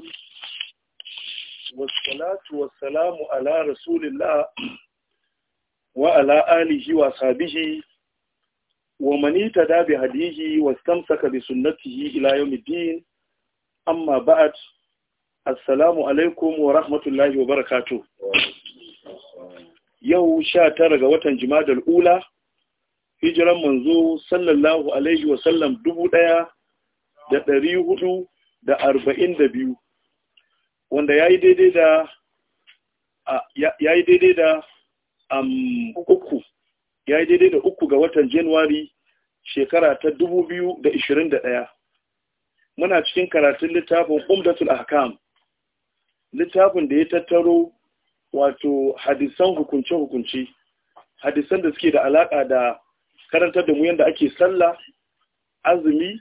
hudu wasalatu wasalamu ala rasulillah wa ala alihi wa sabihi wa manita da bi hadihi wa stamsaka bi sunnatihi ila yawmiddin amma ba'd assalamu alaikum wa rahmatullahi wa barakatuh yau 19 ga watan jumadal ula hijiran manzo sallallahu alaihi wa sallam dubu daya da ɗari hudu da arba'in da biyu wanda ya yi daidai da ya yi daidai da uku ya yi daidai da uku ga watan januwari shekara ta 2021 muna cikin karatun littafin umdatul ahkam littafin da ya tattaro wato hadisan hukunce-hukunce hadisan da suke da alaƙa da karantar da mu yadda ake sallah azumi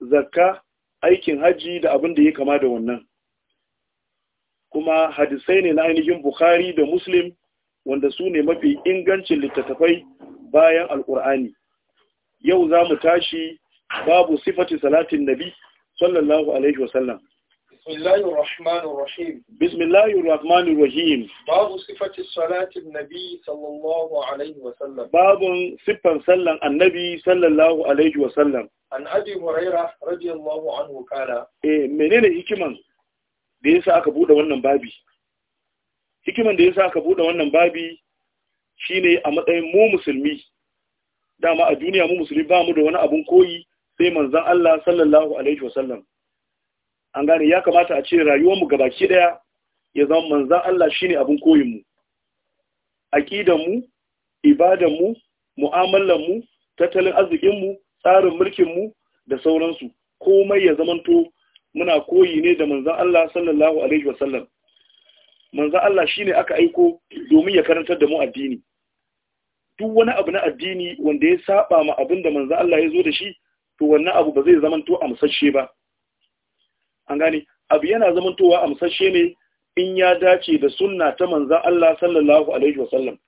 zakka aikin haji, da abin da ya kama da wannan kuma hadisai ne na ainihin Bukhari da Muslim wanda su ne mafi ingancin littattafai bayan al Al’ur'ani. Yau za mu tashi babu sifati salatin Nabi, sallallahu Alaihi wasallam. Bismillahir Rahmanir Rahim. Babu sifati salatin Nabi, sallallahu Alaihi wasallam. Babu siffan sallan annabi, sallallahu Alaihi wasallam. An abi Huraira, radiyallahu anhu kala. Eh, menene hikiman? da yasa aka bude wannan babi hikiman da yasa aka bude wannan babi shine a matsayin mu musulmi dama a duniya mu musulmi ba mu da wani abun koyi sai manzon Allah sallallahu alaihi wasallam an gane ya kamata a ce rayuwar mu gabaki daya ya zama manzon Allah shine abun koyin mu aqidan mu ibadan mu mu'amalan mu tattalin arzikin mu tsarin mulkin mu da sauransu komai ya zamanto muna koyi ne da manzan Allah sallallahu alaihi wasallam manzan Allah shi ne aka aiko domin ya karantar da mu addini duk wani abu na addini wanda ya saba ma abin da manzan Allah ya zo da shi to wannan abu ba zai zamanto musashe ba an gane abu yana zamantowa musashe ne in ya dace da sunna ta manzan Allah sallallahu alaihi wasallam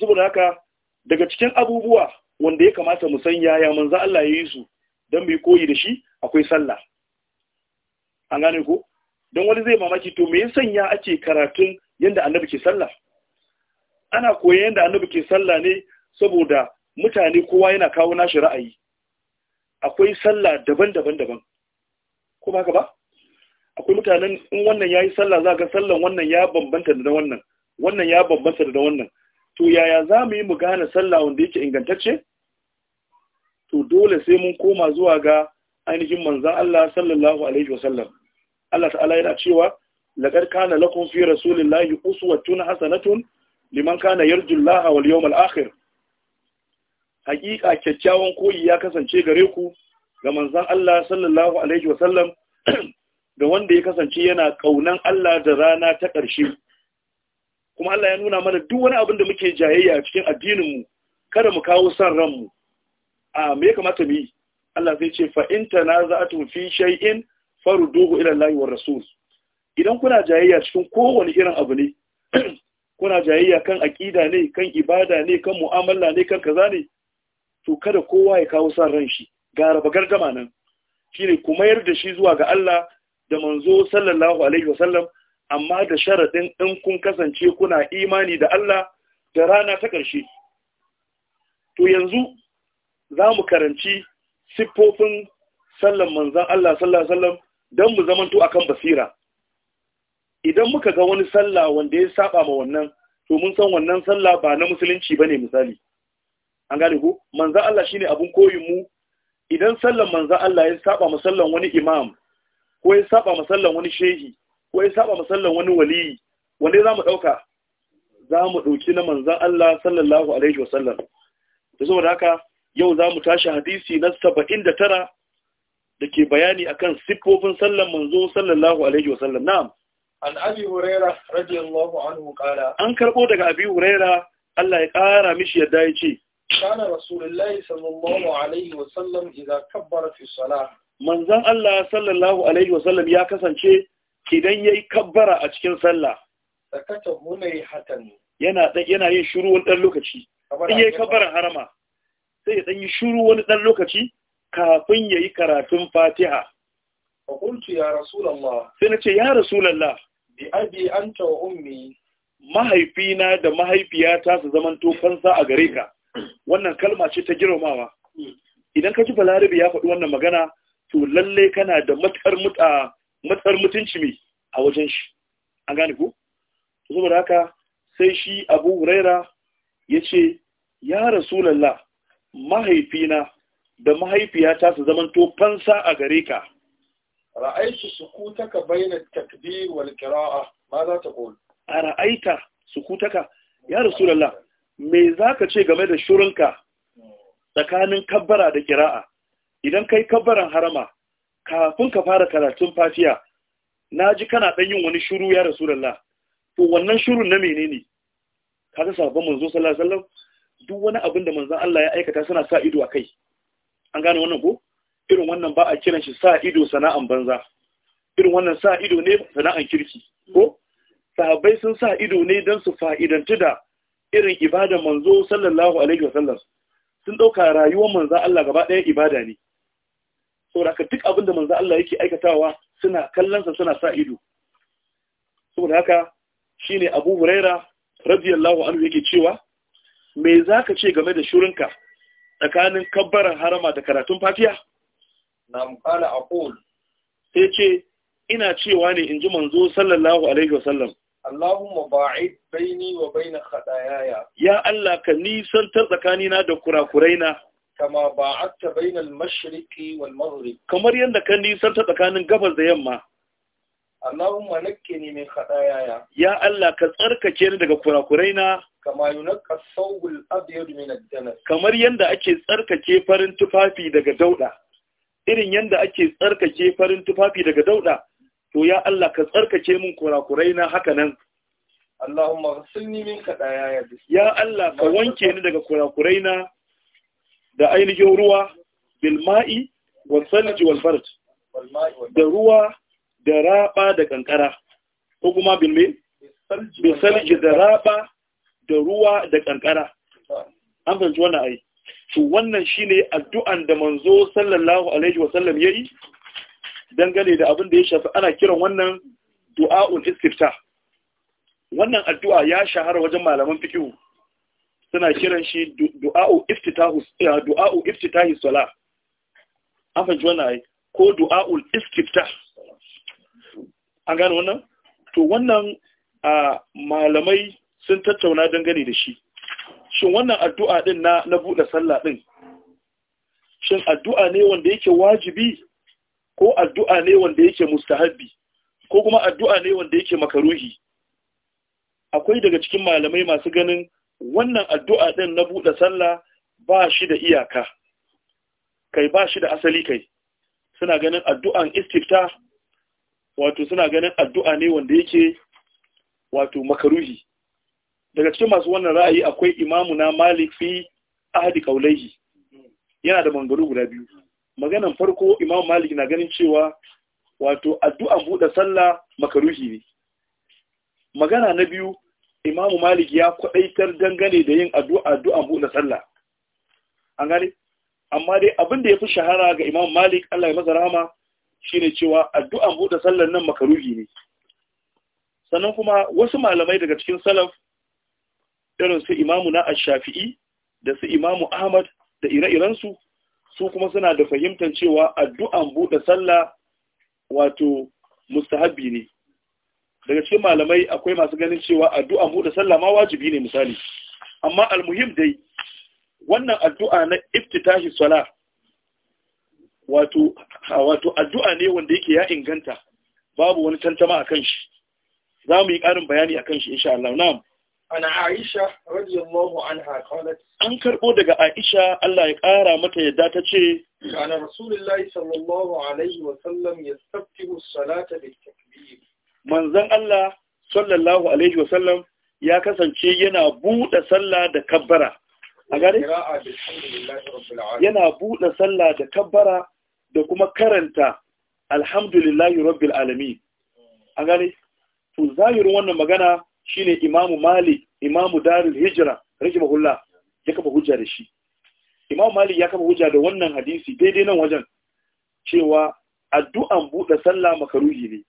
saboda haka daga cikin abubuwa wanda ya kamata mu san yaya manzan Allah ya yi su don mai koyi da shi akwai sallah an gane ko don wani zai mamaki to me ya ake karatun yadda annabi ke sallah ana koyon yadda annabi ke sallah ne saboda mutane kowa yana kawo nashi ra'ayi akwai sallah daban-daban daban ko ba ka ba akwai mutanen in wannan yayi sallah za ga sallan wannan ya bambanta da wannan wannan ya bambanta da wannan to yaya za mu yi mu gane sallah wanda yake ingantacce to dole sai mun koma zuwa ga ainihin manzan Allah sallallahu alaihi wasallam Allah ta'ala yana cewa laqad kana lakum fi rasulillahi uswatun hasanatun liman kana yarjullaha wal yawmal akhir hakika kyakkyawan koyi ya kasance gare ku ga manzon Allah sallallahu alaihi wasallam da wanda ya kasance yana kaunan Allah da rana ta ƙarshe kuma Allah ya nuna mana duk wani abin da muke jayayya cikin addininmu kada mu kawo san ranmu a me ya kamata mu yi Allah zai ce fa in tanaza'tum fi shay'in Faru ila Allah wa rasul idan kuna jayayya cikin kowane irin abu ne kuna jayayya kan aqida ne kan ibada ne kan mu'amala ne kan kaza ne to kada kowa ya kawo san ran shi gara ba gargama nan shine ku mayar da shi zuwa ga Allah da manzo sallallahu alaihi wasallam amma da sharadin in kun kasance kuna imani da Allah da rana ta karshe to yanzu zamu karanci siffofin sallan manzan Allah sallallahu alaihi wasallam don mu zamanto akan basira idan muka ga wani sallah wanda ya saba ma wannan to mun san wannan sallah ba na musulunci bane misali an gane ko manzo Allah shine abun koyin mu idan sallan manzo Allah ya saba ma sallan wani imam ko ya saba ma sallan wani shehi ko ya saba ma sallan wani wali wanda zamu dauka zamu dauki na manzo Allah sallallahu alaihi wasallam to saboda haka yau zamu tashi hadisi na 79 da ke bayani akan siffofin sallan manzo sallallahu alaihi wasallam na'am an abi huraira radiyallahu anhu qala an karbo daga abi huraira Allah ya kara mishi yadda ya ce kana rasulullahi sallallahu alaihi wasallam idza kabbara fi salah manzon Allah sallallahu alaihi wasallam ya kasance idan yayi kabbara a cikin sallah sakata hunai hatan yana yana yin shiru wani dan lokaci in yayi kabbara harama sai ya dan yi shiru wani dan lokaci kafin ya yi karatun fatiha fakultu ya rasulallah sai na ce ya rasulallah bi abi anta wa ummi mahaifina da mahaifiyata su zaman tofansa a gare ka wannan kalma ce ta girmamawa idan ka ji balarabe ya faɗi wannan magana to lalle kana da matar mutunci mai a wajen shi an gane ku saboda haka sai shi abu huraira ya ce ya rasulallah mahaifina da mahaifiyata su to fansa a gare ka ra'aitu sukutaka bayna takbir wal qira'a ma za ta qul ara'aita sukutaka ya rasulullah me ka ce game da shurinka tsakanin kabbara da qira'a idan kai kabbaran harama kafin ka fara karatun fatiha naji kana ɗan yin wani shuru ya rasulullah to wannan shurun na menene kaga sabon manzo sallallahu alaihi wasallam duk wani abin da manzon Allah ya aikata suna sa ido a kai an gane wannan ko irin wannan ba a kiran shi sa ido sana'an banza irin wannan sa ido ne sana'an kirki ko sahabbai sun sa ido ne don su fa'idanci da irin ibada manzo sallallahu alaihi wasallam sun ɗauka rayuwar manzo Allah gaba ɗaya ibada ne saboda haka duk abin da manzo Allah yake aikatawa suna kallonsa suna sa ido saboda haka shine Abu Huraira radiyallahu anhu yake cewa me zaka ce game da shurinka tsakanin kabbaran harama da karatun Fatiya? na mukala ƙul. sai ce ina cewa ne in ji manzo sallallahu alaihi wasallam Allahumma ba'id baini wa baina khataayaya ya Allah ka nisan ta tsakanina da kurakuraina kama ba'adta bainal mashriqi wal maghrib kamar yadda ka nisan ta tsakanin gabas da yamma Allahumma nakkini min khataaya ya Allah ka tsarkake ni daga kurakurai na kama yunqa thawbul abyad min ad-danas kamar yanda ake tsarkake farin tufafi daga dauda irin yanda ake tsarkake farin tufafi daga dauda to ya Allah ka tsarkake min kurakurai na haka nan Allahumma ghsilni min khataaya ya Allah ka wanke ni daga kurakurai na da ainihin ruwa bil ma'i wal salji wal bard da ruwa da raba da kankara ko kuma bil me bil salji da raba da ruwa da kankara an fahimci wannan ai to wannan shine addu'an da manzo sallallahu alaihi wasallam yayi dangane da abin da ya shafi ana kiran wannan du'a'ul istifta wannan addu'a ya shahara wajen malaman fiqh suna kiran shi du'a'u iftitahu eh, du'a'u iftitahi salah an fahimci wannan ai ko du'a'ul istiftah an gane wannan to wannan malamai sun tattauna dangane da shi shin wannan addu'a din na na buɗe sallah din shin addu'a ne wanda yake wajibi ko addu'a ne wanda yake mustahabbi ko kuma addu'a ne wanda yake makaruhi akwai daga cikin malamai masu ganin wannan addu'a din na buɗe sallah ba shi da iyaka kai ba shi da asali kai suna ganin addu'an istifta wato suna ganin addu'a ne wanda yake wato makaruhi daga cikin masu wannan ra'ayi akwai imamu na malik fi ahadi kaulaihi yana da mangaru guda biyu maganan farko imamu malik na ganin cewa wato addu'a buɗe sallah makaruhi ne magana na biyu imamu malik ya kwaɗaitar dangane da yin addu'a buɗe sallah an gane amma dai abin da ya fi shahara ga imamu malik allah ya maza rahama shine cewa addu'an buɗe sallar nan makaruhi ne sannan kuma wasu malamai daga cikin salaf irin su imamu na ash-shafi'i da su imamu ahmad da ire-irensu su kuma suna da fahimtar cewa addu'an buɗe sallah wato mustahabbi ne daga cikin malamai akwai masu ganin cewa addu'an buɗe sallah ma wajibi ne misali amma almuhim dai wannan addu'a na iftitahi salah wato wato addu'a ne wanda yake ya inganta babu wani tantama kan shi za mu yi ƙarin bayani a kan shi insha Allah na'am ana Aisha radiyallahu anha qalat an karbo daga Aisha Allah ya ƙara mata yadda ta ce kana Rasulullahi sallallahu alaihi wa sallam yastaftihu salata bil takbir manzon Allah sallallahu alaihi wa sallam ya kasance yana buɗe sallah da kabbara a gare yana buɗe sallah da kabbara da kuma karanta alhamdulillahi rabbil alami. an gane to zahirin wannan magana shine imamu mali imamu darul hijra rahimahullah ya kafa hujja da shi imamu Mali ya kafa hujja da wannan hadisi daidai nan wajen cewa addu'an buɗe sallah makaruhi ne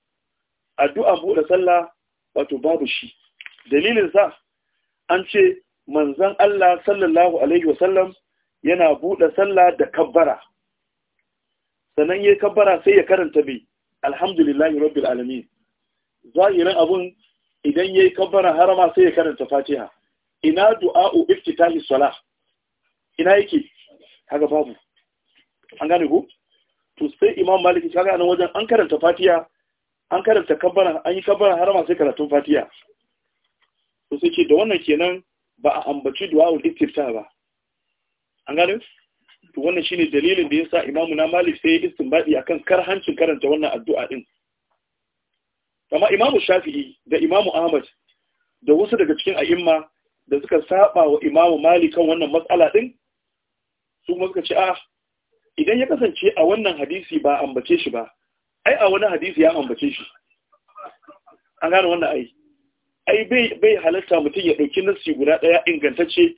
addu'an buɗe sallah wato babu shi dalilin sa an ce manzon Allah sallallahu alaihi wasallam yana buɗe sallah da kabbara sannan ya kabbara sai ya karanta bi alhamdulillahi rabbil alamin zahirin abun idan yi kabbara harama sai ya karanta fatiha ina du'a'u iftitahi salah ina yake kaga babu an gane ku to sai imam malik kaga nan wajen an karanta fatiha an karanta kabbara an yi kabbara harama sai karatun fatiha to sai ke da wannan kenan ba a ambaci du'a'ul iftitah ba an gane to wannan shine dalilin da yasa Imam malik sai ya istinbadi akan karhancin karanta wannan addu'a din amma imamu shafi'i da imamu ahmad da wasu daga cikin a'imma da suka saba wa imamu malik kan wannan matsala din su kuma suka ce a idan ya kasance a wannan hadisi ba ambace shi ba ai a wani hadisi ya ambace shi an gane wannan ai ai bai halatta mutum ya ɗauki nassi guda ɗaya ingantacce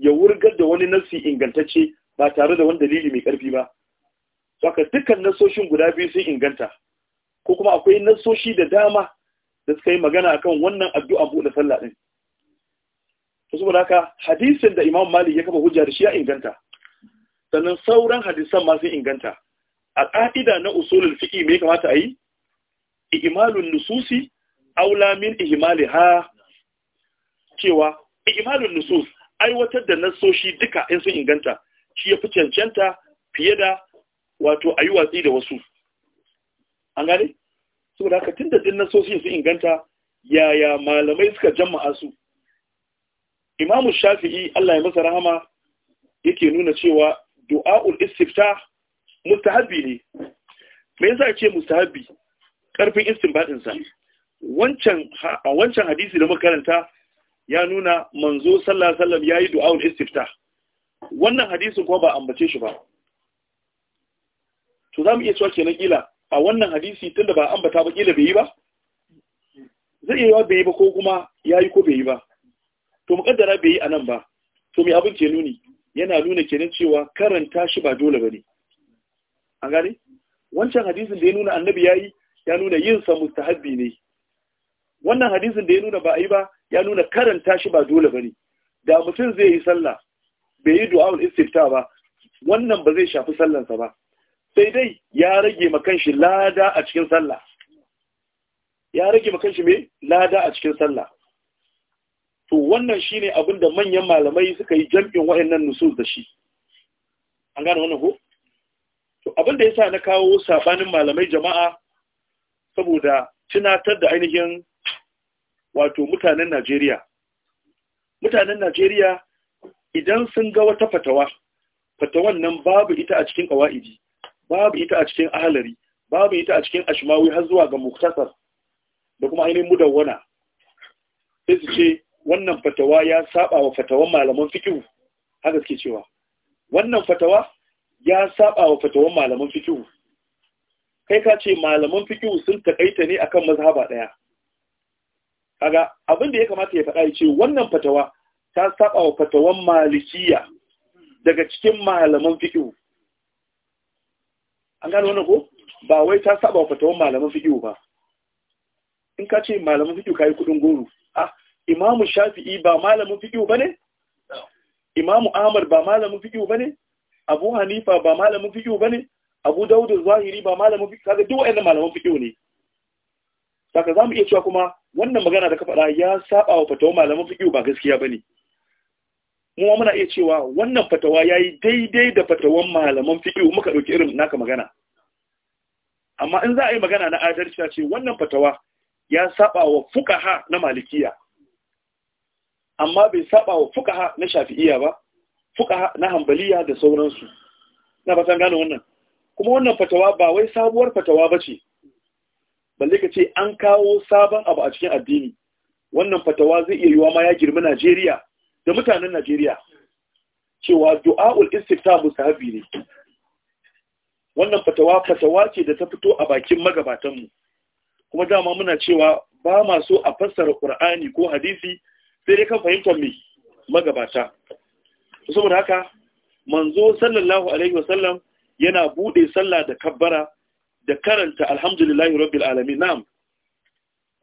ya wurgar da wani nassi ingantacce ba tare da wani dalili mai ƙarfi ba saka dukkan nasoshin guda biyu sun inganta ko kuma akwai nasoshi da dama da suka yi magana akan wannan addu'a buɗe sallah din to saboda haka hadisin da Imam Malik ya kafa hujja da shi ya inganta sannan sauran hadisan ma sun inganta a ƙa'ida na usulul fiqh me kamata a yi ijmalun nususi aula min ha. cewa ijmalun nusus aiwatar da nasoshi duka in sun inganta shi ya fi cancanta fiye da wato a yi watsi da wasu an gane? saboda haka tun da din nasosin su inganta yaya malamai suka jama'a su imamu shafi'i Allah ya masa rahama yake nuna cewa du'a'ul istifta Mustahabi ne me yasa ce mustahabi karfin istinbadin wancan a wancan hadisi da makaranta ya nuna manzo sallallahu alaihi wasallam yayi du'a'ul istifta wannan hadisin kuma ba ambace shi ba to za mu iya cewa kenan kila a wannan hadisi tunda ba ambata ba kila bai yi ba zai iya bai yi ba ko kuma ya yi ko bai yi ba to muƙaddara bai yi a nan ba to mai abin ke nuni yana nuna kenan cewa karanta shi ba dole ba ne an gane wancan hadisin da ya nuna annabi ya yi ya nuna yin sa mustahabbi ne wannan hadisin da ya nuna ba a yi ba ya nuna karanta shi ba dole ba ne da mutum zai yi sallah bai yi du'a'ul istifta ba wannan ba zai shafi sallansa ba sai dai ya rage makan shi lada a cikin sallah ya rage makan shi mai lada a cikin sallah to wannan shine abin da manyan malamai suka yi jam'in wa'annan nusus da shi an gane wannan ko to abin da yasa na kawo sabanin malamai jama'a saboda tunatar da ainihin wato mutanen Najeriya mutanen Najeriya idan sun ga wata fatawa fatawan nan babu ita a cikin qawaidi babu ita a cikin ahalari, babu ita a cikin ashmawi har zuwa ga muktasar da kuma ainihin mudawwana sai su ce wannan fatawa ya saba wa fatawan malaman fikihu haka suke cewa wannan fatawa ya saba wa fatawan malaman fikihu kai ka ce malaman fikihu sun taƙaita ne akan mazhaba daya kaga abin da ya kamata ya faɗa ya ce wannan fatawa ta saba wa fatawan malikiya daga cikin malaman fiqh an gano wannan ko ba wai ta saba wa fatawan malaman fiqh ba in ka ce malaman ka yi kudin goro ah imamu shafi'i ba malamin ba bane imamu Amar ba malamin ba bane abu hanifa ba malamin ba bane abu daud zahiri ba malamin fiqh kaga duk wayannan malaman fiqh ne saka mu iya cewa kuma wannan magana da ka faɗa ya saba wa fatawan malaman fiqh ba gaskiya ba ne. kuma muna iya cewa wannan fatawa ya yi daidai da fatawan malaman fiqh muka ɗauki irin naka magana amma in za a yi magana na adalci ce wannan fatawa ya saba wa fuqaha na malikiya amma bai saba wa fuqaha na shafi'iyya ba fuqaha na hanbaliya da sauransu na san gane wannan kuma wannan fatawa ba wai sabuwar fatawa ce. balle ka ce an kawo sabon abu a cikin addini wannan fatawa zai iya yiwa ma ya girma Najeriya da mutanen Najeriya cewa du'a'ul istifta musahabi ne wannan fatawa fatawa ce da ta fito a bakin magabatan mu kuma dama muna cewa ba ma so a fassara Qur'ani ko hadisi sai dai kan fahimtar me magabata saboda haka manzo sallallahu alaihi wasallam yana bude sallah da kabbara da karanta alhamdulillahi rabbil alamin na'am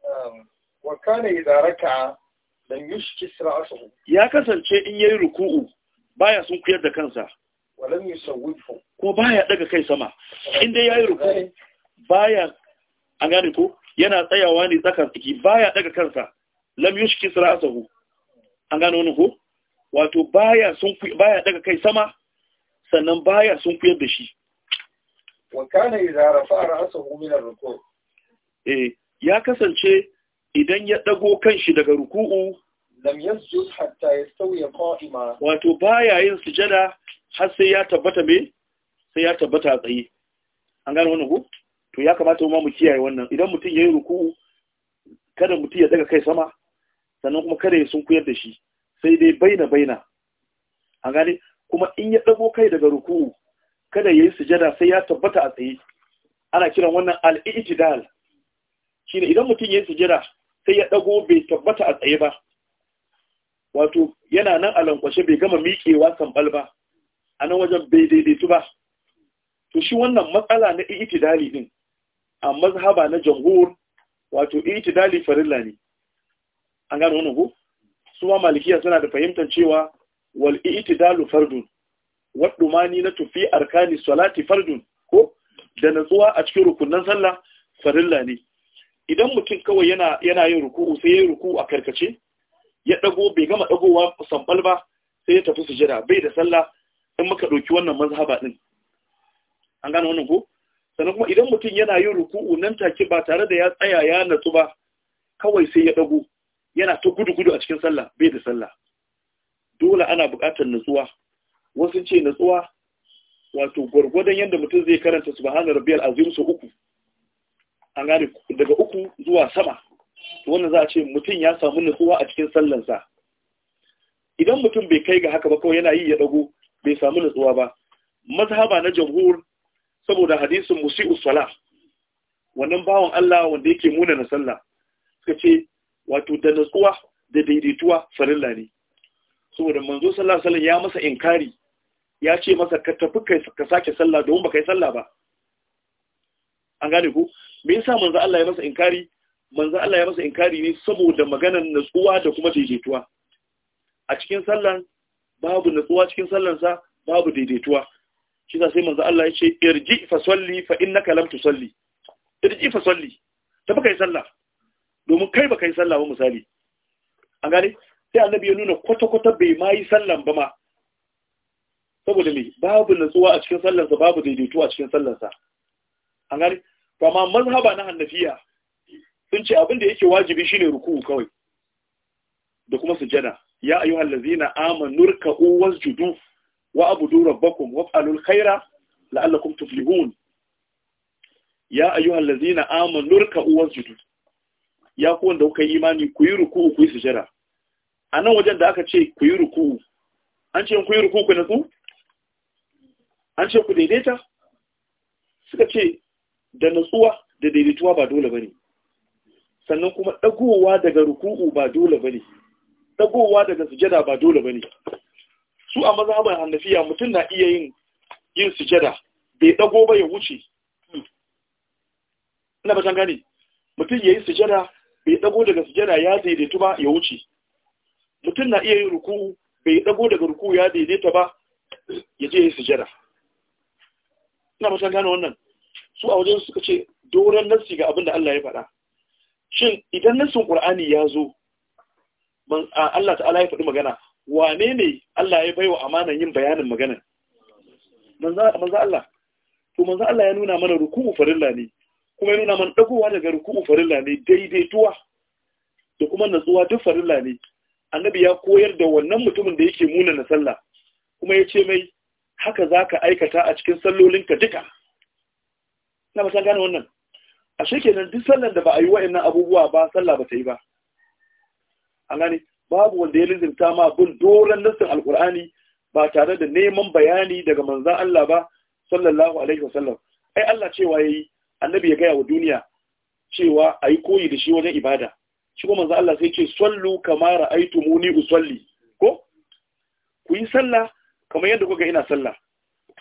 um, wa kana idaraka dan yushki sira'atuhu ya kasance in yayi ruku'u baya sun kuyar da kansa walam yusawwifu ko baya daga kai sama in dai yayi ruku'u baya an gane ko yana tsayawa ne tsakar tiki baya daga kansa lam yushki sira'atuhu an gane wannan ko wato baya sun baya daga kai sama sannan baya sun kuyar da shi wa kana idza rafa'a ra'sahu min ar-ruku' eh ya kasance idan ya kan kanshi daga ruku'u lam yasjud hatta yastawi qa'ima wato baya yin sujada har sai ya tabbata me sai ya tabbata tsaye an gane wannan to ya kamata mu kiyaye wannan idan mutum yi ruku'u kada mutum ya daga kai sama sannan kuma kada ya sunkuyar da shi sai dai baina baina an gane kuma in ya ɗago kai daga ruku'u kada yayi sujada sai ya tabbata a tsaye ana kiran wannan al-i'tidal shine idan mutum yi sujada sai ya ɗago bai tabbata a tsaye ba wato yana nan a lankwashe bai gama miƙewa sambal ba a nan wajen bai daidaitu ba to shi wannan matsala na itidali din a mazhaba na jamhur wato itidali farilla ne an gano wani ko su ma malikiya suna da fahimtar cewa wal itidalu fardun waddumani na tufi arkani salati fardun ko da natsuwa a cikin rukunan sallah farilla ne idan mutum kawai yana yana yin ruku'u sai yi ruku'u a karkace ya dago bai gama dagowa sambal ba sai ya tafi sujada bai da sallah in muka dauki wannan mazhaba din an gane wannan ko sannan kuma idan mutum yana yin ruku'u nan take ba tare da ya tsaya ya natsu ba kawai sai ya dago yana ta gudu-gudu a cikin sallah bai da sallah dole ana buƙatar natsuwa wasu ce natsuwa wato gwargwadon yadda mutum zai karanta subhanar rabbiyal azim su uku an gane daga uku zuwa sama wannan za a ce mutum ya samu nutsuwa a cikin sallansa idan mutum bai kai ga haka ba kawai yana yi ya dago bai samu nutsuwa ba mazhaba na jamhur saboda hadisin musi'u sala wannan bawan Allah wanda yake muna na sallah suka ce wato da nutsuwa da daidaituwa farilla ne saboda manzo sallallahu alaihi wasallam ya masa inkari ya ce masa ka tafi ka sake sallah domin baka yi sallah ba an gane ku me yasa manzo Allah ya masa inkari manzo Allah ya masa inkari ne saboda maganar natsuwa da kuma daidaituwa a cikin sallan babu natsuwa cikin sallan sa babu daidaituwa shi yasa sai manzo Allah ya ce irji fa salli fa innaka lam tusalli irji fa salli ta baka yi sallah domin kai baka yi sallah ba misali an gane sai annabi ya nuna kwata-kwata bai ma yi sallan ba ma saboda me babu natsuwa a cikin sallansa babu daidaituwa a cikin sallansa an gane kama mazhaba na hannafiya sun ce abin da yake wajibi shine ruku'u kawai da kuma sujada ya ayyuhal ladzina amanu ruk'u wasjudu wa abudu rabbakum waf'alul khaira la'allakum tuflihun ya ayyuhal ladzina amanu ruk'u wasjudu ya ku wanda kuka yi imani ku yi ruku'u ku yi sujada anan wajen da aka ce ku yi ruku'u an ce ku yi ruku'u ku nasu an ce ku daidaita suka ce da natsuwa da daidaituwa ba dole bane sannan kuma dagowa daga ruku'u ba dole bane dagowa daga sujada ba dole bane su a mazhaban Hanafiya mutum na iya yin yin sujada bai dago ba ya wuce ina batan gane mutum yayi sujada bai dago daga sujada ya daidaitu ba ya wuce mutum na iya yin ruku'u bai dago daga ruku'u ya daidaita ba ya je yi sujada ina batan gane wannan su a wajen suka ce doron nassi ga abin da Allah ya faɗa shin idan nassin Qur'ani ya zo Allah ta'ala ya faɗi magana wane ne Allah ya bai wa amanan yin bayanin magana? manzo Allah to manzo Allah ya nuna mana ruku'u farilla ne kuma ya nuna mana dagowa daga ruku farilla ne daidaituwa da kuma natsuwa duk farilla ne annabi ya koyar da wannan mutumin da yake muna na sallah kuma ya ce mai haka zaka aikata a cikin sallolinka duka na mutan gane wannan a kenan duk sallar da ba a yi wa'annan abubuwa ba sallah ba ta yi ba an gane babu wanda ya lizinta ma bin doron nassin alkur'ani ba tare da neman bayani daga manzan Allah ba sallallahu alaihi wasallam ai Allah cewa yayi annabi ya gaya wa duniya cewa ayi koyi da shi wajen ibada shi kuma manzan Allah sai ce sallu kama ra'aytumuni usalli ko ku yi sallah kamar yadda kuka ina sallah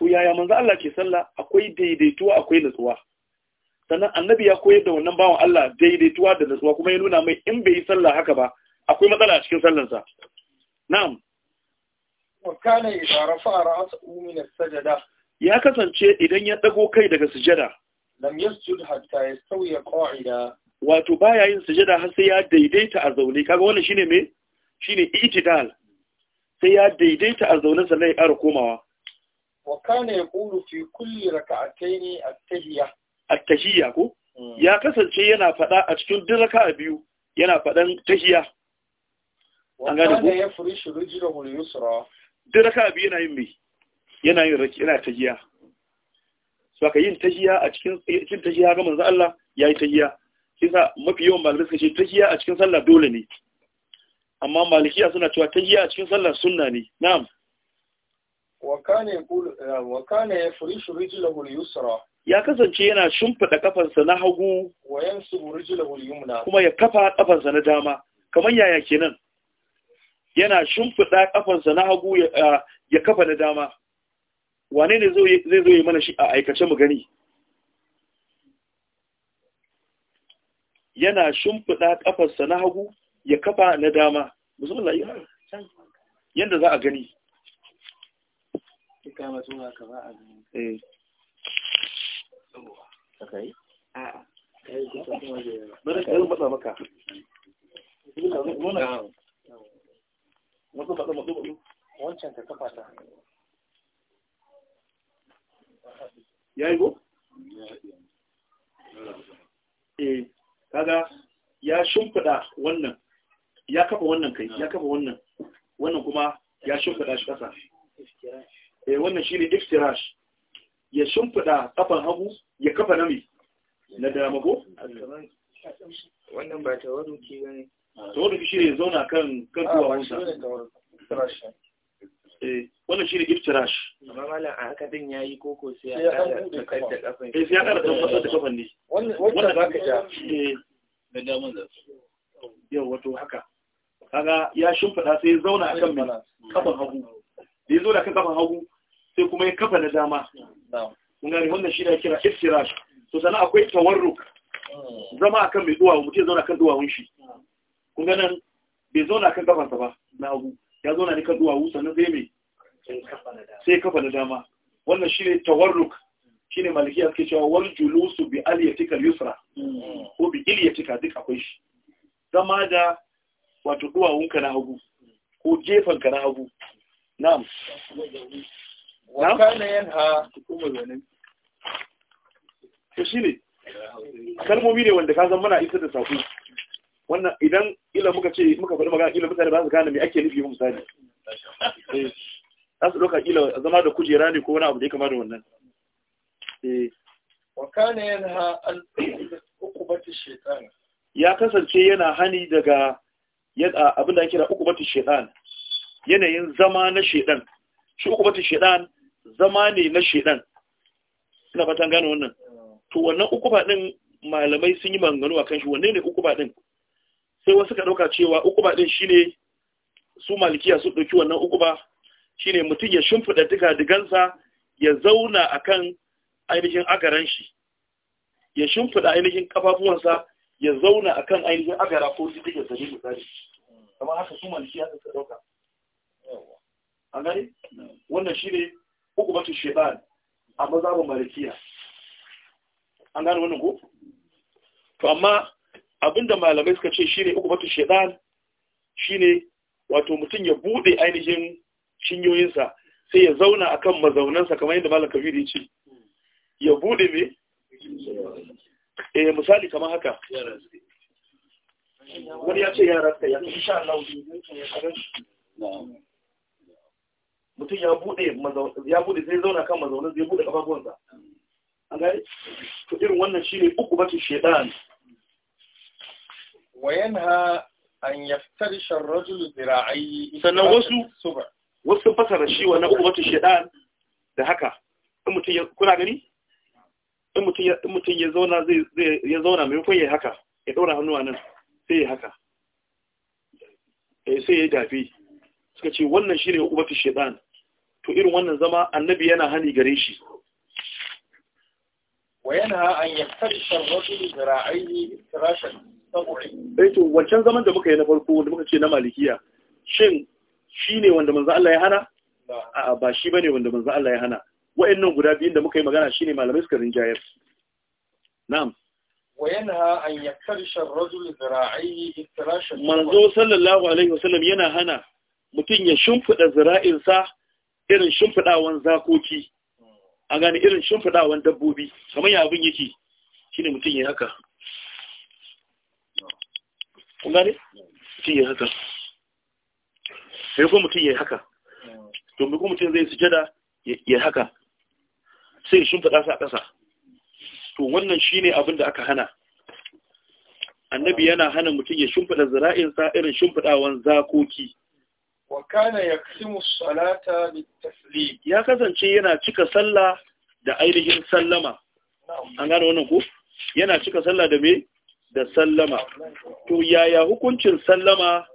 to yaya manzo Allah ke sallah akwai daidaituwa akwai nutsuwa sannan annabi ya koyar da wannan bawan Allah daidaituwa da nutsuwa kuma ya nuna mai in bai yi sallah haka ba akwai matsala a cikin sa na'am wa kana idza rafa'a ra'sahu min as-sajda ya kasance idan ya dago kai daga sujada lam yasjud hatta yastawi qa'ida wato baya yin sujada har sai ya daidaita a zaune kaga wannan shine me shine itidal sai ya daidaita a zaune sannan ya ƙara komawa wa kana yaqulu fi kulli raka'atayn at-tahiyya at-tahiyya ko hmm. ya kasance yana fada a cikin duk raka'a biyu yana fadan tahiyya an gane ko ya furishi rijlahu mu yusra duk raka'a biyu yana yin me yana yin raki yana tahiyya so aka yin tahiyya a cikin cikin tahiyya ga manzo Allah yayi tahiyya kisa mafi yawan malamai suka ce tahiyya a cikin sallah dole ne amma malikiya suna cewa tahiyya a cikin sallah sunna ne na'am wa kana ya furishu rijlahu al-yusra ya kasance yana shimfida kafarsa na hagu wa yansubu rijlahu al-yumna kuma ya kafa kafarsa na dama kamar yaya kenan yana shimfida kafarsa na hagu ya kafa na dama wane ne zai zo yi mana shi a aikace mu gani yana shimfida kafarsa na hagu ya kafa na dama musamman yadda za a gani Ya yi eh, kaga ya shimfiɗa wannan, ya kafa wannan kai, ya kafa wannan, wannan kuma ya shimfiɗa shi ƙasa. Eh, wannan wannan ne iftirash ya shimfida kafan hagu ya kafa nami na damago. wannan ba ta tawaruki bane shi ne ah, ya zauna kan kan ah, wansa eh wannan ne iftirash amma malam a haka din yayi koko sai ya kada da kafan sai ya kada da kafan eh, ne wannan wannan zaka ja eh da daman zai yau wato haka kaga ya shimfida sai ya zauna akan mai kafan hagu da ya zo da kan kafan hagu sai kuma ya kafa na dama mun gane wannan shi da kira iftirash to sannan akwai tawarruk hmm. zama akan mai duwawu mutum ya zauna kan duwawun shi kun ga nan bai zauna kan kafansa ba na abu ya zauna ne kan duwawu sannan zai mai sai kafa na dama wannan shi ne tawarruk shi ne malikiya suke cewa wal julusu bi aliyatika yusra hmm. ko bi iliyatika duk akwai shi zama da wato duwawunka na hagu ko jefanka na hagu na'am wa kana yanha hukumul wanin to ne kalmomi ne wanda ka san muna isa da saƙo. wannan idan ila muka ce muka faɗi magana ila mutane ba su gane me ake nufi misali eh, za su ɗauka ila zama da kujera ne ko wani abu da ya kama da wannan eh. wakana yana an ukubatin shaitan ya kasance yana hani daga abin da kira ukubatin shaitan yanayin zama na shaitan shi ukubatin shaitan zama ne na shedan ina fatan gano wannan to wannan ukuba din malamai sun yi a akan shi wanne ne ukuba din sai wasu ka dauka cewa ukuba din shine su malikiya su dauki wannan shi shine mutum ya shimfida duka digansa ya zauna akan ainihin agaran shi ya shimfida ainihin kafafuwansa ya zauna akan ainihin agara ko diga da misali kamar haka su malikiya su dauka an gane wannan shine Uku batun shaitan a mazabin malikiya an gano wannan ko to amma abinda malamai suka ce shine hukumatu shaitan shine wato mutum ya bude ainihin cinyoyinsa sai ya zauna a kan mazaunansa kamar yadda malam kabiru ya ce ya bude me eh misali kamar haka wani ya ce yara yaransa ya insha shi mutum ya bude ya bude sai zauna kan mazauna zai bude kafafuwansa an gani to irin wannan shine uku ta shedan wayan ha an yaftar sharrajul zira'ai sannan wasu wasu fasara shi wannan uku bace shedan da haka in mutum ya kuna gani in mutum ya in mutum ya zauna zai ya zauna mai koyi haka ya daura hannuwa nan sai ya haka eh, sai ya dafi suka ce wannan shine uku bace shedan to irin wannan zama annabi yana hani gare shi wa yana an yaftarisha rajul zira'aihi iftirashan sab'i eh to wancan zaman da muka yi na farko wanda muka ce na malikiya shin shine wanda manzo Allah ya hana a ba shi bane wanda manzo Allah ya hana wa'annan guda biyun da muka yi magana shine malamai suka rinjayar na'am wa yanha an yaftarisha rajul zira'aihi iftirashan manzo sallallahu alaihi wasallam yana hana mutum ya shimfida zira'insa irin shimfiɗawan zakoki a gani irin shimfiɗawan dabbobi kamar ya abin yake ne mutum ya haka ƙungare? mutum ya haka sai kuma mutum ya haka domin kuma mutum zai sujada ya haka sai ya shimfiɗa a ƙasa to wannan ne abin da aka hana annabi yana hana mutum ya shimfiɗa zira'insa irin shimfiɗawan zakoki wa kana yaqsimu salata bitaslim ya kasance yana cika sallah da ainihin sallama an gane wannan ko yana cika sallah da me da sallama to yaya hukuncin sallama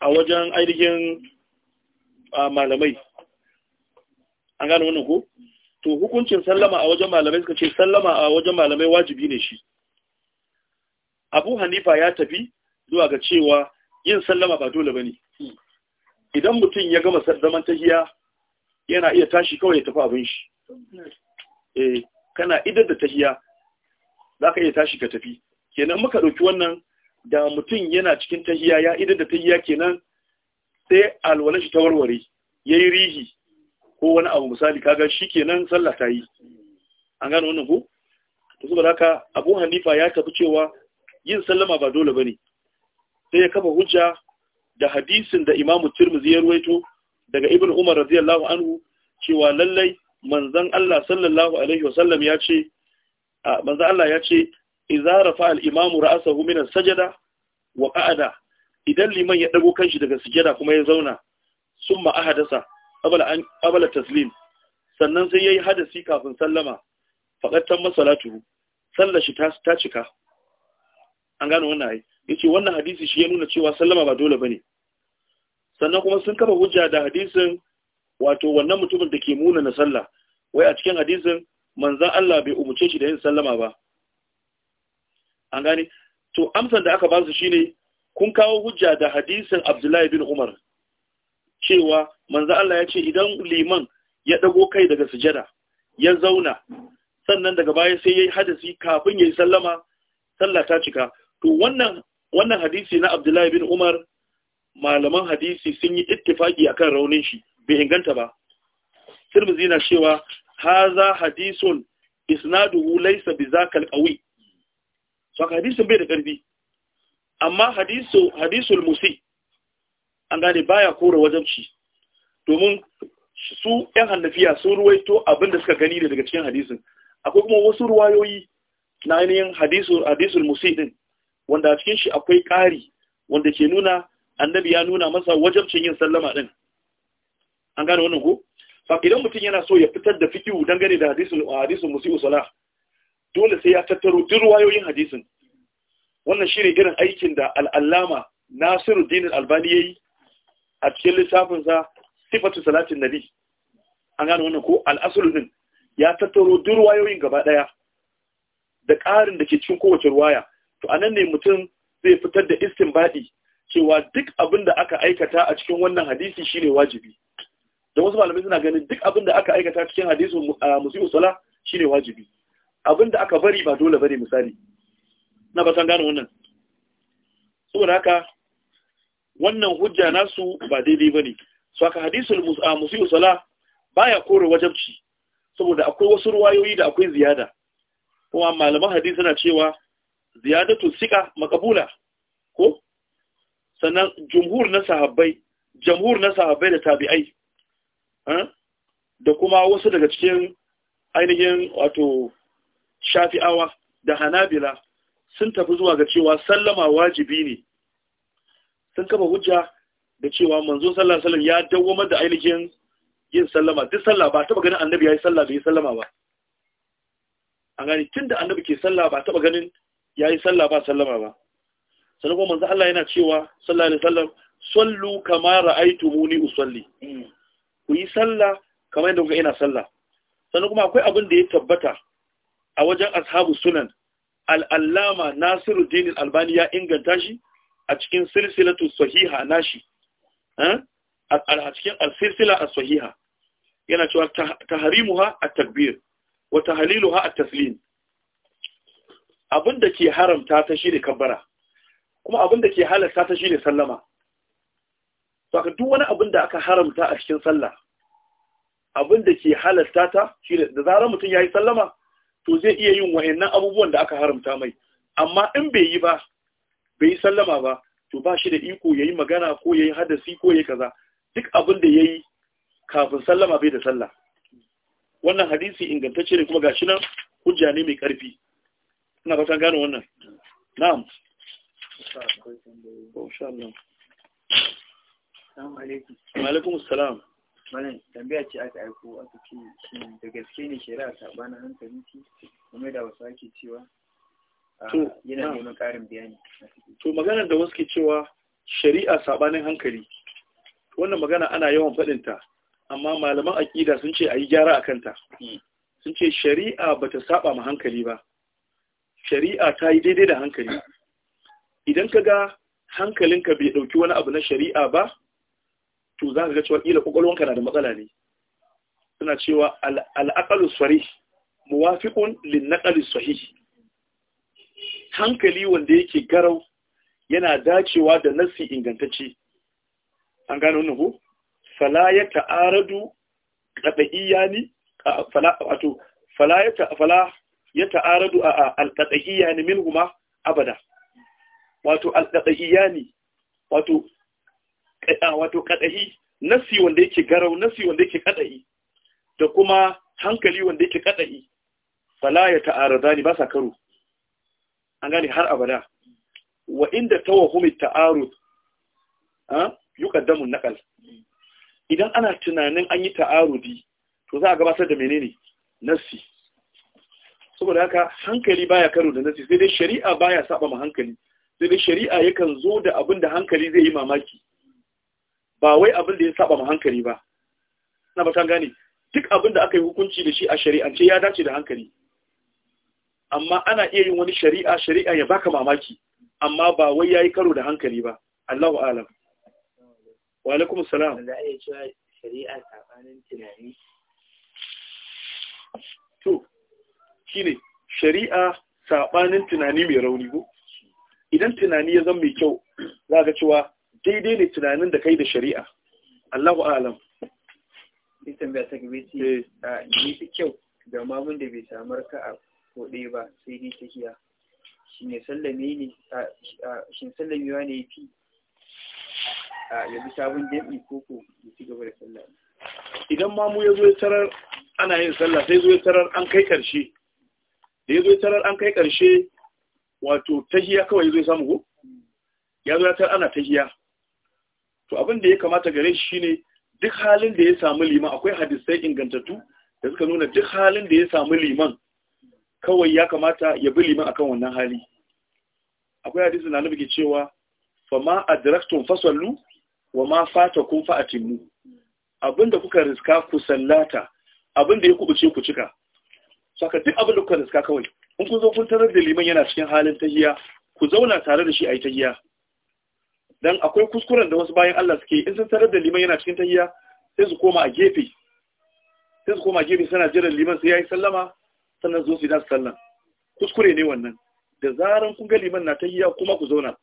a wajen ainihin malamai an gane wannan ko to hukuncin sallama a wajen malamai suka ce sallama a wajen malamai wajibi ne shi abu hanifa ya tafi zuwa ga cewa yin sallama ba dole ba ne hmm. idan mutum ya gama zaman tahiya yana iya tashi kawai ya tafi abin shi eh kana idar da tahiya zaka iya tashi ka tafi kenan muka ɗauki wannan da mutum yana cikin tahiya ya idar da tahiya kenan sai alwalan shi ta warware yayi rihi ko wani abu misali kaga shikenan sallah ta yi an gano wannan ko to saboda haka Abu Hanifa ya tafi cewa yin sallama ba dole bane sai ya kafa hujja da hadisin da imamu turmuzi ya ruwaito daga ibn umar radiyallahu anhu cewa lallai manzon Allah sallallahu alaihi wasallam ya ce manzon Allah ya ce idza rafa al-imamu ra'sahu min sajada sajda wa qa'ada idan liman ya dago kanshi daga sujada kuma ya zauna summa ahadasa qabla an qabla taslim sannan sai yayi hadasi kafin sallama faqattan masalatu sallashi ta cika an gano wannan ayi yace wannan hadisi shi ya nuna cewa sallama ba dole bane sannan kuma sun kafa hujja da hadisin wato wannan mutumin da ke muna na sallah wai a cikin hadisin manzan Allah bai umuce shi da yin sallama ba an gane to amsan da aka ba su shine kun kawo hujja da hadisin Abdullahi bin Umar cewa manzan Allah ya ce idan liman ya dago kai daga sujada ya zauna sannan daga baya sai yayi hadisi kafin yayi sallama sallah ta cika to wannan wannan hadisi na abdullahi bin umar malaman hadisi sun yi ittifaki akan raunin shi bai inganta ba tirmidhi na cewa haza hadisun isnaduhu laysa bizakal qawi so hadisin bai da karfi amma hadisu hadisul musi an gane baya kore wajabci domin su ‘yan hannafiya sun ruwaito abin da suka gani daga cikin hadisin akwai kuma wasu ruwayoyi na ainihin hadisul musi din wanda a cikin shi akwai ƙari wanda ke nuna annabi ya nuna masa wajabcin yin sallama ɗin an gane wannan ko fa idan mutum yana so ya fitar da fikihu dangane da hadisin hadisul musiu Sala, dole sai ya tattaro duk ruwayoyin hadisin wannan shine irin aikin da al-allama Nasiruddin al-Albani yayi a cikin littafin sa Sifatu Salatin Nabi an gane wannan ko al din ya tattaro duk wayoyin gaba daya da ƙarin da ke cikin kowace ruwaya to anan ne mutum zai fitar da baɗi cewa duk abin da aka aikata a cikin wannan hadisi shine wajibi da wasu malamai suna ganin duk abin da aka aikata cikin a musu sala shine wajibi abin da aka bari ba dole bane misali na batan gano wannan saboda haka wannan hujja nasu ba daidai ba ne. so haka hadisul musu sala baya kore wajabci saboda akwai wasu ruwayoyi da akwai ziyada kuma malaman hadisi suna cewa ziyadatu sika makabula ko sannan jumhur na sahabbai jumhur na sahabbai da tabi'ai da kuma wasu daga cikin ainihin wato shafi'awa da hanabila sun tafi zuwa ga cewa sallama wajibi ne sun kafa hujja da cewa manzo sallallahu alaihi wasallam ya dawwamar da ainihin yin sallama duk sallah ba taba ganin annabi yayi sallah bai sallama ba an gani tunda annabi ke sallah ba taba ganin ya yi sallah ba sallama ba sannan kuma manzo Allah yana cewa sallallahu alaihi wasallam sallu kama ra'aytumuni usalli mm. ku yi sallah kamar yadda kuka ina sallah sannan kuma akwai abin da ya tabbata a wajen ashabu sunan al-allama Nasiruddin al-Albani ya inganta shi a cikin silsilatu sahiha nashi eh? a cikin al-silsila as-sahiha yana cewa tahrimuha at-takbir wa tahliluha at-taslim abin da ke haramta ta shi ne kabbara kuma abin da ke halarta ta shi ne sallama saka duk wani abin da aka haramta a cikin sallah abin da ke halarta ta shi ne da zarar mutum ya yi sallama to zai iya yin wa'annan abubuwan da aka haramta mai amma in bai yi ba bai yi sallama ba to ba shi da iko ya yi magana ko ya yi hadasi ko ya yi kaza duk abin da ya yi kafin sallama bai da sallah wannan hadisi ingantacce ne kuma gashi nan hujja ne mai karfi ina fatan gano wannan na'am Malaikun salam. Malam, tambaya ce aka aiko aka ce da gaske ne shari'a saɓanin hankali ce kuma da wasu ake cewa yana neman ƙarin bayani. To, maganar da wasu ke cewa shari'a sabanin hankali. Wannan magana ana yawan faɗinta, amma malaman aƙida sun ce a yi gyara a kanta. Hmm. Sun ce shari'a ba ta saɓa ma hankali ba. shari'a ta yi daidai da hankali idan ka ga hankalinka bai ɗauki wani abu na shari'a ba to za ka ga cewa ƙila ƙwaƙwalwanka na da matsala ne suna cewa al'aƙalu swari muwafiƙun linnaƙalu sahih hankali wanda yake garau yana dacewa da nasi ingantacce an gano wannan ko fala ya ta'aradu qad'iyani wato fala ya fala ya ta'aradu a alƙaɗa'iyya ne min huma abada wato alƙaɗa'iyya ne wato ƙaɗahi nasi wanda yake garau nasi wanda yake ƙaɗahi da kuma hankali wanda yake ƙaɗahi fala ya ta'arada ne ba sa karo an gane har abada wa inda tawahumi ta'arud yi ƙaddamun naƙal idan ana tunanin an yi ta'arudi to za a gabatar da menene nasi saboda haka hankali baya karo da nasi sai dai shari'a baya saba ma hankali sai dai shari'a yakan zo da abin da hankali zai yi mamaki ba wai abin da ya saba ma hankali ba na batan gane duk abin da aka yi hukunci da shi a shari'ance ya dace da hankali amma ana iya yin wani shari'a shari'a ya baka mamaki amma ba wai yayi karo da hankali ba Allahu a'lam wa alaikum salam da cewa shari'a tsakanin tunani to shine shari'a sabanin tunani mai rauni ko idan tunani ya zama mai kyau za ka cewa daidai ne tunanin da kai da shari'a Allahu a'lam sai tambaya ta gabe eh. a yi fi kyau da mamun da bai samu raka a koɗe ba sai dai ta hiya shi ne sallame ne a sallame ne ya fi a yabi sabon jam'i koko ya ci gaba da sallah idan mamu ya zo ya tarar ana yin sallah sai zo ya tarar an kai ƙarshe da ya zo tarar an kai ƙarshe wato tahiya kawai zai samu ko ya zo tarar ana tahiya to abin da ya kamata gare shi shine duk halin da ya samu liman akwai hadisai ingantattu da suka nuna duk halin da ya samu liman kawai ya kamata ya bi liman akan wannan hali akwai hadisi na nabi cewa fa ma adraktum fasallu wa ma fatakum fa atimmu abinda kuka riska ku sallata abinda ya kubuce ku cika saka duk abin da kuka riska kawai in kun zo kun tarar da liman yana cikin halin tahiya ku zauna tare da shi a yi tahiya dan akwai kuskuren da wasu bayan Allah suke in sun tarar da liman yana cikin tahiya sai su koma a gefe sai su koma gefe suna jiran liman sai yayi sallama sannan zo su da sallan kuskure ne wannan da zaran kun ga liman na tahiya kuma ku zauna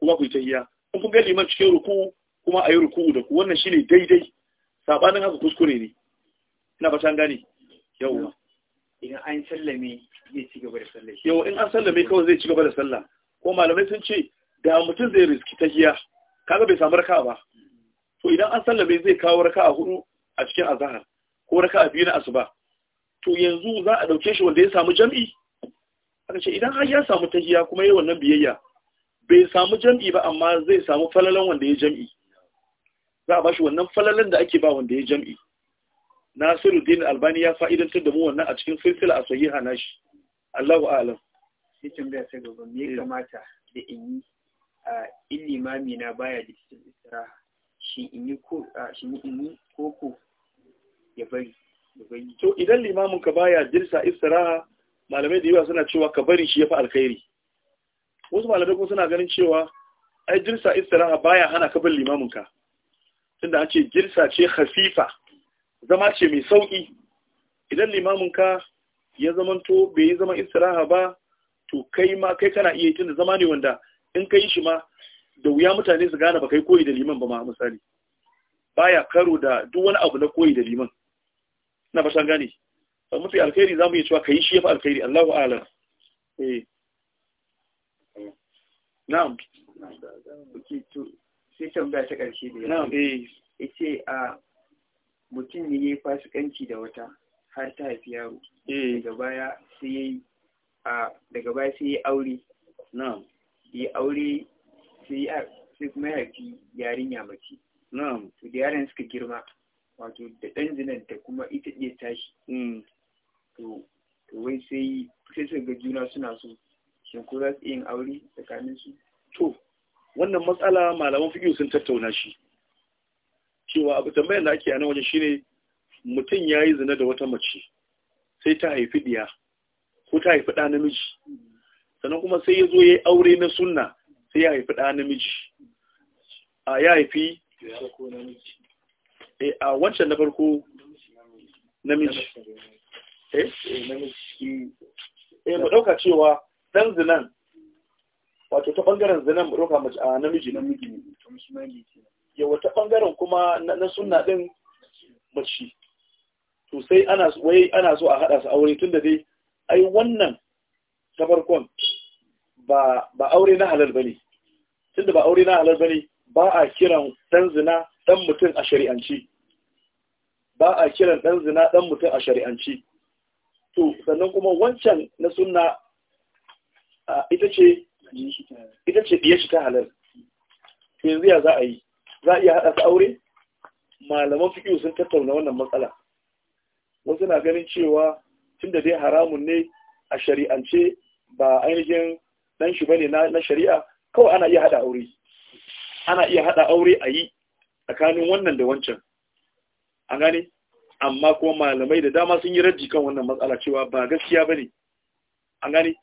kuma ku yi tahiya in kun ga liman cikin ruku kuma yi ruku da ku wannan shine daidai sabanin haka kuskure ne ina ba gani gane yawwa idan an sallame in an sallame kawai zai ci gaba da sallah ko malamai sun ce da mutum zai riski tahiya kaga bai samu raka'a ba to idan an sallame zai kawo raka'a hudu a cikin azhar ko raka'a biyu na asuba to yanzu za a dauke shi wanda ya samu jam'i aka ce idan har ya samu ta tahiya kuma yayi wannan biyayya bai samu jam'i ba amma zai samu falalan wanda ya jam'i za a bashi wannan falalan da ake ba wanda ya jam'i Nasiruddin Albani ya fa'idantar da mu wannan a cikin silsila a sahiha shi. Allahu a'lam sai tambaya sai gaba me kamata da in yi a illimami na baya da cikin isra shi in yi ko shi in yi ko ko ya bari ya bari to idan limamin ka baya jirsa isra malamai da yawa suna cewa ka bari shi ya fi alkhairi wasu malamai kuma suna ganin cewa ai jirsa isra baya hana ka bin limamin ka tunda an ce jirsa ce khafifa zama ce mai sauƙi idan limamin ka ya zamanto bai yi zama istiraha ba to kai ma kai kana iya yi tunda zama ne wanda in ka yi shi ma da wuya mutane su gane ba kai koyi da liman ba ma misali baya karo da duk wani abu na koyi da liman na san gane ba mutu alkhairi za mu iya cewa ka yi shi ya fa alkhairi allahu ala eh na'am sai tambaya ta karshe da na'am eh yace a ah, mutum ne ya yi fasikanci da wata har ta haifi yaro eh. daga baya sai ya yi aure na aure sai kuma ya haifi yarinya mace na to da yaran suka girma wato da ɗan zinan da kuma ita iya tashi hmm. to wai sai sai su ga juna suna so shin ko za su yin aure tsakanin su to wannan matsala malaman fiƙi sun tattauna shi cewa abu tambayar da ake a nan waje shine mutum ya yi zina da wata mace sai ta haifi diya ko ta haifi ɗa namiji sannan kuma sai ya zo ya yi aure na sunna sai ya haifi ɗa namiji a ya haifi eh, a wancan na farko namiji eh? eh mu ɗauka cewa ɗan zinan wato ta ɓangaren zinan mu ɗauka mace a namiji namiji ya wata bangaren kuma na sunna din mace to sai ana wai ana so a hada su aure tunda dai ai wannan ta farkon ba ba aure na halal bane tunda ba aure na halal bane ba a kiran dan zina dan mutum a shari'anci ba a kiran dan zina dan mutum a shari'anci to sannan kuma wancan na sunna ita ce ita ce ta halal yanzu ya za a yi za a iya haɗa su aure malaman fiƙi sun tattauna wannan matsala wasu na ganin cewa tun da dai haramun ne a shari'ance ba ainihin ɗan shi bane na shari'a kawai ana iya haɗa aure ana iya haɗa aure a yi tsakanin wannan da wancan A gane amma kuma malamai da dama sun yi raji kan wannan matsala cewa ba gaskiya ba ne A gane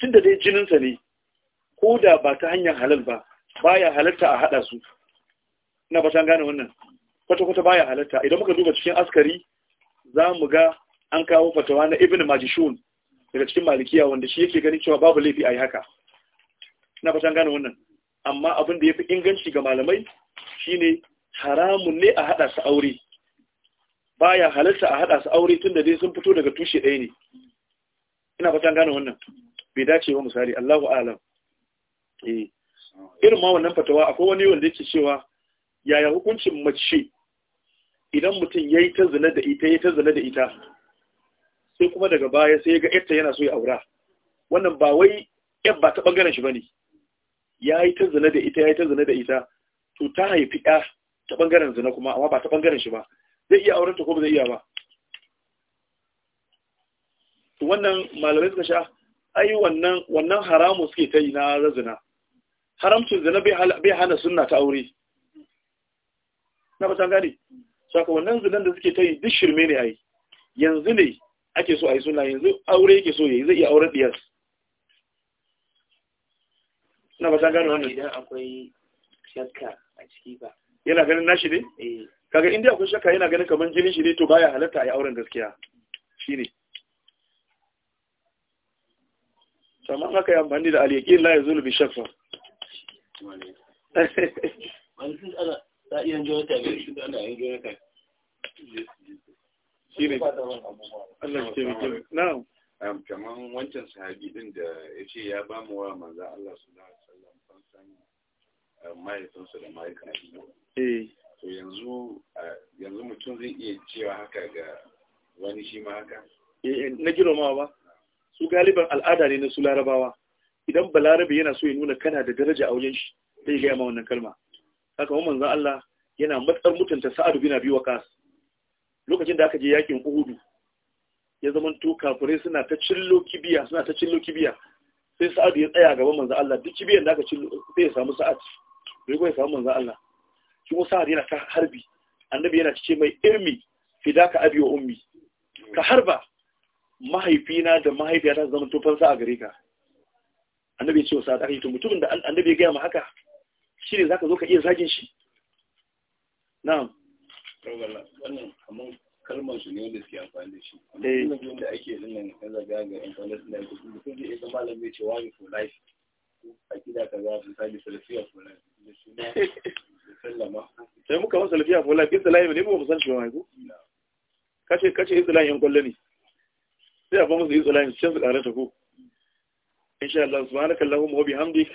tun da dai jininsa ne ko da ba ta hanyar halal ba baya halarta a haɗa su ina ba gane wannan kwata-kwata baya halatta idan muka duba cikin askari za mu ga an kawo fatawa na ibn majishun daga cikin malikiya wanda shi yake ganin cewa babu laifi a yi haka ina fatan gane wannan amma abin da ya fi inganci ga malamai shine haramun ne a haɗa su aure baya halarta a haɗa su aure tun da dai sun fito daga tushe ɗaya ne ina fatan gane wannan bai dace ba misali Allahu alam eh irin ma wannan fatawa akwai wani wanda yake cewa yaya hukuncin mace idan mutum ya yi ta zina da ita ya ta zina da ita sai kuma daga baya sai ya ga yarta yana so ya aura wannan ba wai yar ba ta ɓangaren shi ba ne. ya yi ta zina da ita ya yi ta zina da ita to ta haifi ya ta ɓangaren zina kuma amma ba ta ɓangaren shi ba zai iya auren ta ko ba zai iya ba to wannan malamai suka sha ah, ai wannan wannan haramu suke ta yi na zina haramcin zina bai hana sunna ta aure na fatan gane saka wannan zinan da suke ta yi duk shirme ne ai yanzu ne ake so a yi suna yanzu aure yake so yayi zai iya auren diyar na fatan gane wannan idan akwai shakka a ciki ba yana ganin nashi ne eh. kaga inda akwai shakka yana ganin kaman jinin shi ne to baya halatta a yi auren gaskiya shine kamar haka yi amfani da aliyakin la ya bi shakka na iya jonathan ne shi ana yin jonathan shi ne Allah ya taimake na'am kaman wancan sahabi din da ya ce ya ba mu wa manzo Allah sallallahu alaihi wasallam fansan eh, mahaifinsa da mahaifinsa eh to yanzu yanzu mutum zai iya cewa haka ga wani shi ma haka eh, na girma ba su galiban al'ada ne na su larabawa idan balarabe yana so ya nuna kana da daraja a wajen shi zai gaya ma wannan kalma haka wa manzan Allah yana matsar mutunta sa'adu bin abi waqas lokacin da aka je yakin uhudu ya zaman to kafirai suna ta cillo kibiya suna ta cillo kibiya sai sa'adu ya tsaya gaban manzan Allah duk kibiyan da aka cillo sai ya samu sa'ad bai ya samu manzan Allah shi kuma sa'ad yana ta harbi annabi yana ce mai irmi fidaka abi wa ummi ka harba mahaifina da mahaifiyata zaman to fansa a gare ka annabi ya ce wa sa'ad aka yi to mutumin da annabi ya gaya ma haka shi ne za ka zo ka iya zagin shi na'am su ne suke amfani da shi eh. da ake na ga yan da suna da malam mai cewa ne a gida ka za da suna da sai muka masa salafiya for life ne ba mu san shi ba mai kace kace isa layi yan kwallo ne sai a ba musu isa su can su karanta ko insha Allah subhanaka allahumma wa bihamdika